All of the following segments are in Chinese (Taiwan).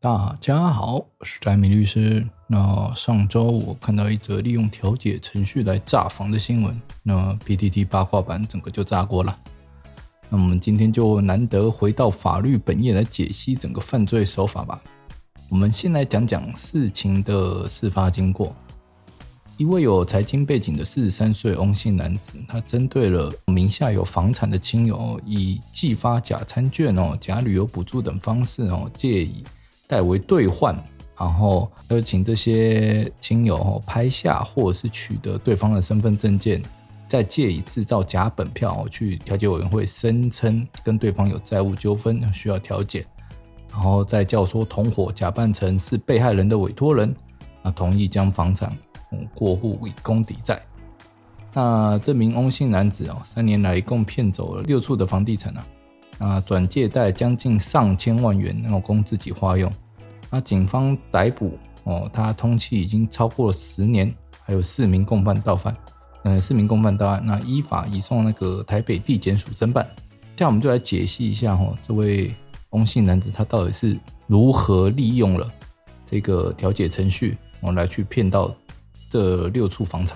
大家好，我是宅米律師。那上週我看到一則利用調解程序來詐房的新聞，那 PTT 八卦版整個就炸鍋了。那我們今天就難得回到法律本業來解析整個犯罪手法吧。我們先來講講事情的事發經過。一位有財經背景的四十三歲翁姓男子，他針對了名下有房產的親友，以寄發假餐券哦、假旅遊補助等方式哦，借以代為兌換，然後又請這些親友拍下或者是取得對方的身份證件，再借以制造假本票去調解委員會，聲稱跟對方有債務糾紛需要調解，然後再教唆同夥假扮成是被害人的委託人，同意將房產過戶以供抵債。那這名翁姓男子啊，三年來一共騙走了六處的房地產啊。啊，轉借貸將近上千萬元，然後供自己花用。那警方逮捕哦，他通緝已經超過了十年，還有四名共犯到犯，嗯、呃，四名共犯到案，那依法移送那個台北地檢署偵辦，現在我們就來解析一下哈、哦，這位翁姓男子他到底是如何利用了這個調解程序，哦，來去騙到這六處房產。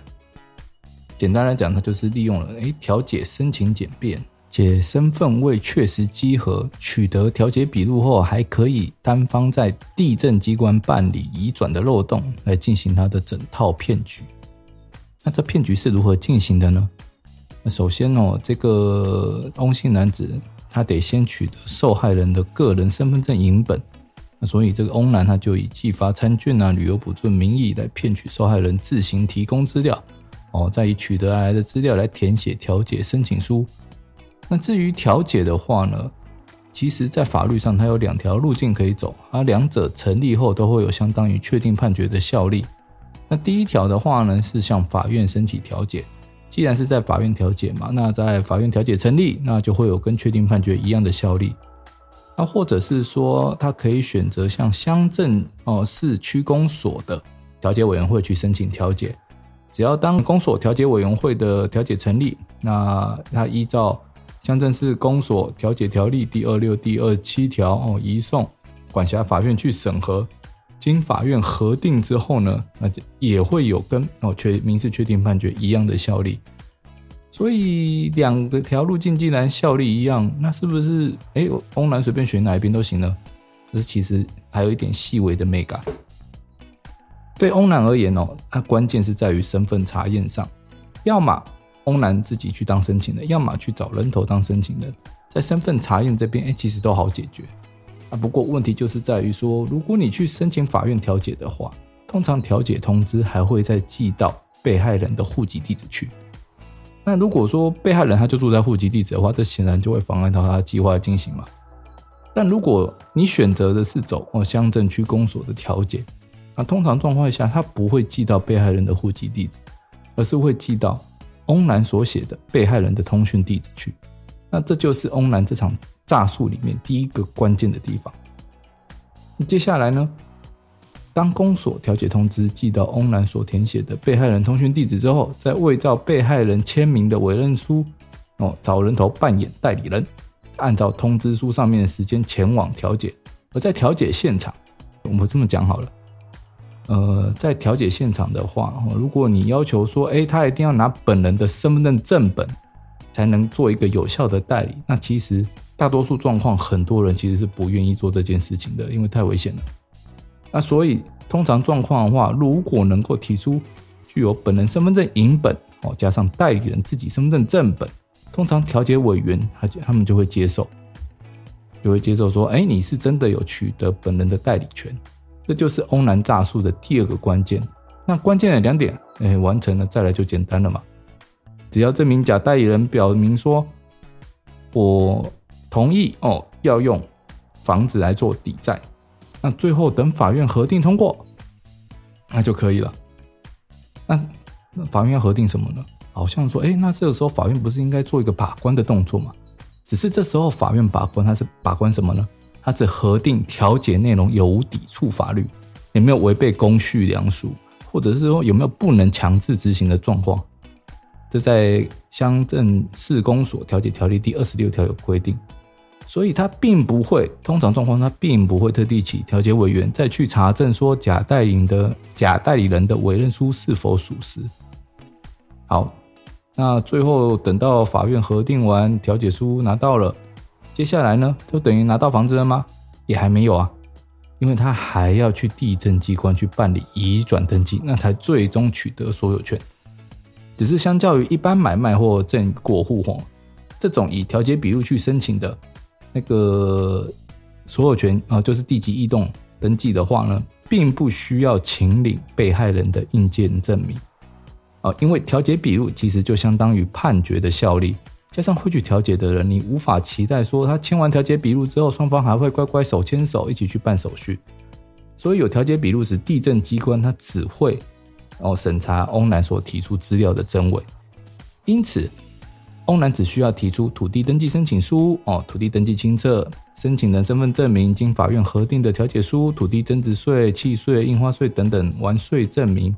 簡單來講，他就是利用了，哎，調解申請簡便。且身份未確實稽核，取得調解筆錄後，還可以單方在地政機關辦理移轉的漏洞來進行他的整套騙局。那這騙局是如何進行的呢？首先哦，這個翁姓男子他得先取得受害人的個人身份證影本，那所以這個翁男他就以寄發餐券啊、旅遊補助名義來騙取受害人自行提供資料，哦，再以取得來的資料來填寫調解申請書。那至於調解的話呢，其實，在法律上，它有兩條路徑可以走，而兩者成立後，都會有相當於確定判決的效力。那第一條的話呢，是向法院申請調解。既然是在法院調解嘛，那在法院調解成立，那就會有跟確定判決一樣的效力。那或者是說，他可以選擇向鄉鎮，哦，市區公所的調解委員會去申請調解。只要當公所調解委員會的調解成立，那他依照。鄉鎮市公所調解條例第二六、第二七條哦，移送管轄法院去審核，經法院核定之後呢，那就也會有跟哦確民事確定判決一樣的效力。所以兩個條路徑既然效力一樣，那是不是哎，翁男隨便選哪一邊都行呢？可是其實還有一點細微的美感啊。對翁男而言哦，他關鍵是在於身份查驗上，要麼。公然自己去當申請人，要麼去找人頭當申請人，在身份查驗這邊，哎，其實都好解決啊。不過問題就是在於說，如果你去申請法院調解的話，通常調解通知還會再寄到被害人的戶籍地址去。那如果說被害人他就住在戶籍地址的話，這顯然就會妨礙到他的計劃進行嘛。但如果你選擇的是走鄉鎮區公所的調解，那通常狀況下他不會寄到被害人的戶籍地址，而是會寄到。翁男所寫的被害人的通訊地址去，那這就是翁男這場詐術裡面第一個關鍵的地方。接下來呢，當公所調解通知寄到翁男所填寫的被害人通訊地址之後，再偽造被害人簽名的委任書哦，找人頭扮演代理人，按照通知書上面的時間前往調解。而在調解現場，我們這麼講好了。呃，在調解現場的話，如果你要求說，哎，他一定要拿本人的身份證正本才能做一個有效的代理，那其實大多數狀況，很多人其實是不願意做這件事情的，因為太危險了。那所以，通常狀況的話，如果能夠提出具有本人身份證影本哦，加上代理人自己身份證正本，通常調解委員他就他們就會接受，就會接受說，哎，你是真的有取得本人的代理權。這就是翁男詐術的第二個關鍵。那關鍵的兩點，哎，完成了再來就簡單了嘛。只要證明假代理人表明說，我同意哦，要用房子來做抵債。那最後等法院核定通過，那就可以了。那那法院要核定什麼呢？好像說，哎，那這個時候法院不是應該做一個把關的動作嗎？只是這時候法院把關，他是把關什麼呢？它只核定調解內容有無抵觸法律，也沒有違背公序良俗，或者是說有沒有不能強制執行的狀況。這在《鄉鎮市公所調解條例》第二十六條有規定。所以它並不會，通常狀況它並不會特地請調解委員再去查證說假代理的假代理人的委任書是否屬實。好，那最後等到法院核定完調解書拿到了。接下來呢，就等於拿到房子了嗎？也還沒有啊，因為他還要去地政機關去辦理移轉登記，那才最終取得所有權。只是相較於一般買賣或贈與過戶吼，這種以調解筆錄去申請的那個所有權啊，就是地籍異動登記的話呢，並不需要請領被害人的印鑑證明啊，因為調解筆錄其實就相當於判決的效力。加上會去調解的人，你無法期待說他簽完調解筆錄之後，雙方還會乖乖手牽手一起去辦手續。所以有調解筆錄時，地政機關他只會哦審查翁男所提出資料的真偽。因此，翁男只需要提出土地登記申請書、哦土地登記清冊、申請人身份證明、經法院核定的調解書、土地增值稅、契稅、印花稅等等完稅證明，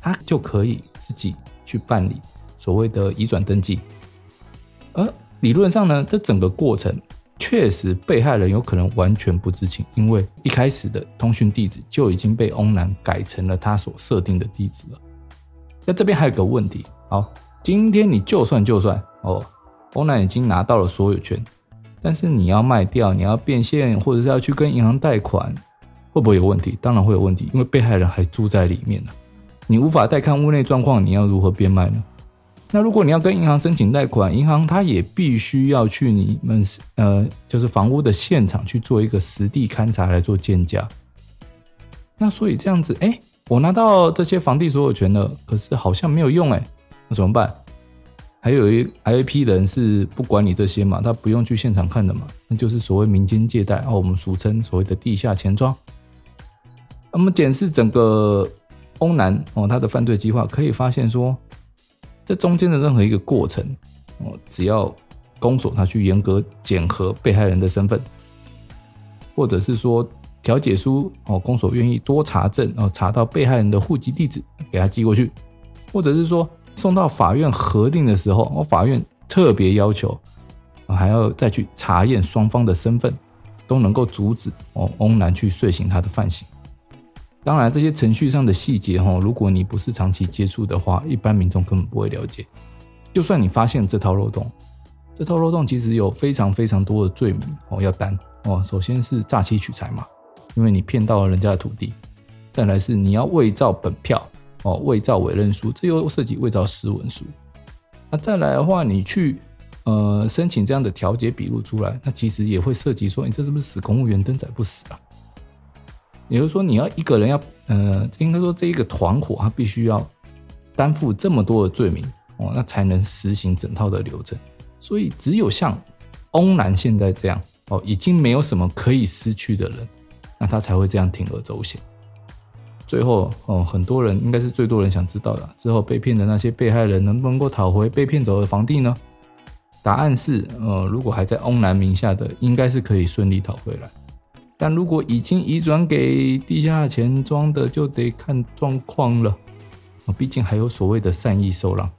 他就可以自己去辦理所謂的移轉登記。而理論上呢，這整個過程確實被害人有可能完全不知情，因為一開始的通訊地址就已經被翁男改成了他所設定的地址了。那這邊還有個問題，好，今天你就算就算哦，翁男已經拿到了所有權，但是你要賣掉、你要變現，或者是要去跟銀行貸款，會不會有問題？當然會有問題，因為被害人還住在裡面呢、啊，你無法帶看屋內狀況，你要如何變賣呢？那如果你要跟銀行申請貸款，銀行他也必須要去你們呃，就是房屋的現場去做一個實地勘察來做鑑價。那所以這樣子，哎、欸，我拿到這些房地所有權了，可是好像沒有用哎、欸，那怎麼辦？還有一還有一批人是不管你這些嘛，他不用去現場看的嘛，那就是所謂民間借貸，哦，我們俗稱所謂的地下錢莊。那麼檢視整個翁男哦，他的犯罪計劃，可以發現說。這中間的任何一個過程，哦，只要公所他去嚴格檢核被害人的身份，或者是說調解書哦，公所願意多查證哦，查到被害人的戶籍地址給他寄過去，或者是說送到法院核定的時候，哦，法院特別要求，還要再去查驗雙方的身份，都能夠阻止哦翁男去遂行他的犯行。當然，這些程序上的細節哦，如果你不是長期接觸的話，一般民眾根本不會了解。就算你發現這套漏洞，這套漏洞其實有非常非常多的罪名哦要擔哦。首先是詐欺取財嘛，因為你騙到了人家的土地；再來是你要偽造本票哦，偽造委任書，這又涉及偽造私文書。那再來的話，你去呃申請這樣的調解筆錄出來，那其實也會涉及說，你這是不是使公務員登載不實啊？也就是說，你要一個人要，呃，應該說這一個團夥，他必須要擔負這麼多的罪名哦，那才能實行整套的流程。所以，只有像翁男現在這樣哦，已經沒有什麼可以失去的人，那他才會這樣鋌而走險。最後哦，很多人應該是最多人想知道的，之後被騙的那些被害人能不能夠討回被騙走的房地呢？答案是，呃，如果還在翁男名下的，應該是可以順利討回來。但如果已經移轉給地下錢莊的，就得看狀況了，畢竟還有所謂的善意受讓。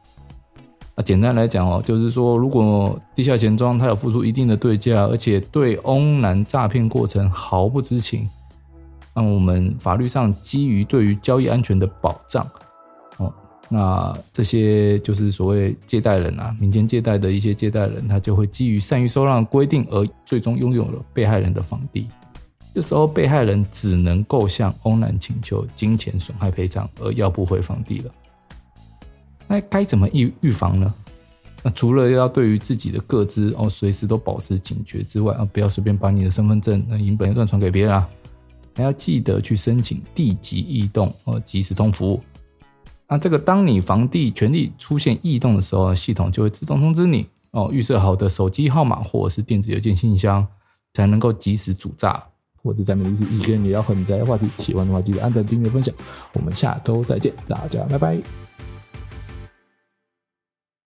簡單來講哦，就是說如果地下錢莊他有付出一定的對價，而且對翁男詐騙過程毫不知情，那我們法律上基於對於交易安全的保障哦，那這些就是所謂借貸人啊，民間借貸的一些借貸人，他就會基於善意受讓規定而最終擁有了被害人的房地。這時候，被害人只能夠向翁男請求金錢損害賠償，而要不回房地了。那該怎麼預預防呢？那除了要對於自己的個資哦，隨時都保持警覺之外，啊，不要隨便把你的身份證、那、呃、銀本亂傳給別人啊。還要記得去申請地籍異動哦，即時通服務。那這個，當你房地權利出現異動的時候，系統就會自動通知你哦，預設好的手機號碼或者是電子郵件信箱，才能夠及時阻詐。我是宅米律師，一個人也要和你聊很宅的話題。喜歡的話，記得按讚、訂閱、分享。我們下周再見，大家拜拜。